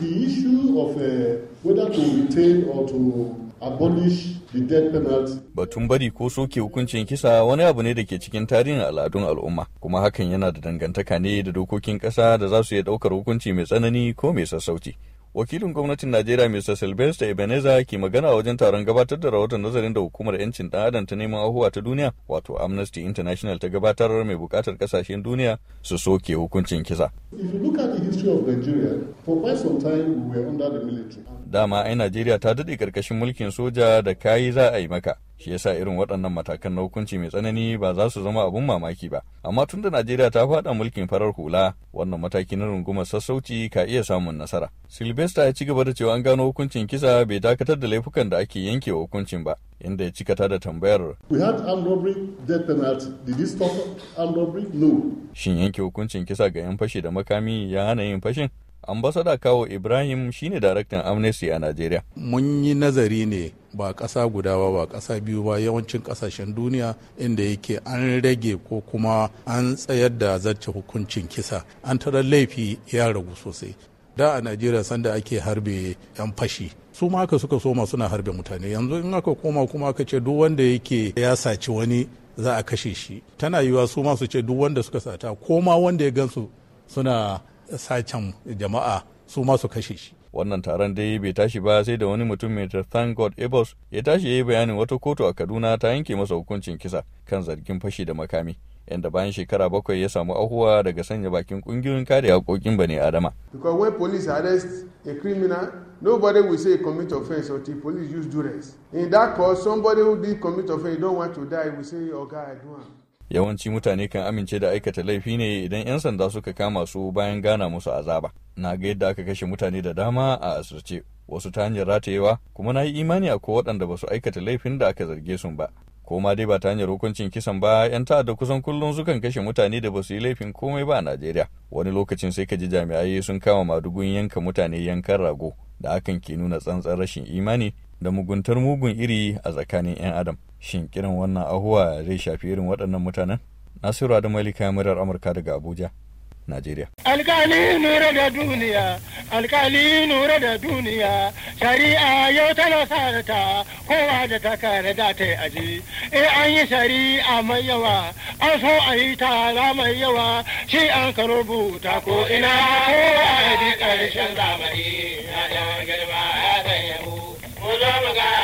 The issue of uh, whether to retain or to abolish the death penalty. Batun bari ko soke hukuncin kisa wani abu ne da ke cikin tarihin al'adun al'umma, kuma hakan yana da dangantaka ne da dokokin ƙasa da za su iya ɗaukar hukunci mai tsanani ko mai sassauci. wakilin gwamnatin najeriya mr sylvester ebeneza ke magana a wajen taron gabatar da rahoton nazarin da hukumar yancin dan adam ta neman ahuwa ta duniya wato amnesty international ta gabatar mai bukatar kasashen duniya su soke hukuncin kisa dama ai najeriya ta daɗe karkashin mulkin soja da kayi za a yi maka shi yasa irin waɗannan matakan na hukunci mai tsanani ba za su zama abun mamaki ba amma tun da najeriya ta faɗa mulkin farar hula wannan mataki na rungumar sassauci ka iya samun nasara silvesta ya ci gaba da cewa an gano hukuncin kisa bai dakatar da laifukan da ake yanke wa hukuncin ba inda ya cika ta da tambayar we had armed robbery death penalty did this stop armed shin yanke hukuncin kisa ga yan fashi da makami ya hana yin fashin ambasada kawo ibrahim shine daraktan amnesty a najeriya mun yi nazari ne ba ƙasa guda ba ba ƙasa biyu ba yawancin ƙasashen duniya inda yake an rage ko kuma an tsayar da zarce hukuncin kisa an tara laifi ya ragu sosai da a najeriya sanda ake harbe yan fashi su ma aka suka soma suna harbe mutane yanzu in aka koma kuma aka ce duk wanda yake ya saci wani za a kashe shi tana yiwa su ma su ce duk wanda suka sata ko ma wanda ya gansu suna sacen jama'a su ma su kashe shi wannan taron dai bai tashi ba sai da wani mutum mai thank god ebos ya tashi ya yi bayanin wata kotu a kaduna ta yanke masa hukuncin kisa kan zargin fashi da makami yadda bayan shekara bakwai ya samu ahuwa daga sanya bakin kungiyoyin kare haƙoƙin bane adama. because when police arrest a criminal nobody will say commit until police use oga i yawanci mutane kan amince da aikata laifi ne idan 'yan sanda suka kama su bayan gana musu azaba na ga yadda aka kashe mutane da dama a asirce wasu ta hanyar ratayewa kuma na yi imani a waɗanda ba su aikata laifin da aka zarge sun ba ko ma dai ba ta hanyar hukuncin kisan ba 'yan ta'adda kusan kullum sukan kashe mutane da ba su yi laifin komai ba a najeriya wani lokacin sai ka ji jami'ai sun kama madugun yanka mutane yankan rago da hakan ke nuna tsantsan rashin imani da muguntar mugun iri a tsakanin 'yan adam shin kiran wannan ahuwa zai shafi irin waɗannan mutanen nasiru adamali kayan murar amurka daga abuja najeriya alkali nura da duniya alkali nura da duniya shari'a yau tana ta kowa da ta kare da ta yi aji e an yi shari'a mai yawa an so a yi tara mai yawa shi an ka rubuta ko ina ko a yi karshen zamani ya girma ya zai yabo ko zo mu ga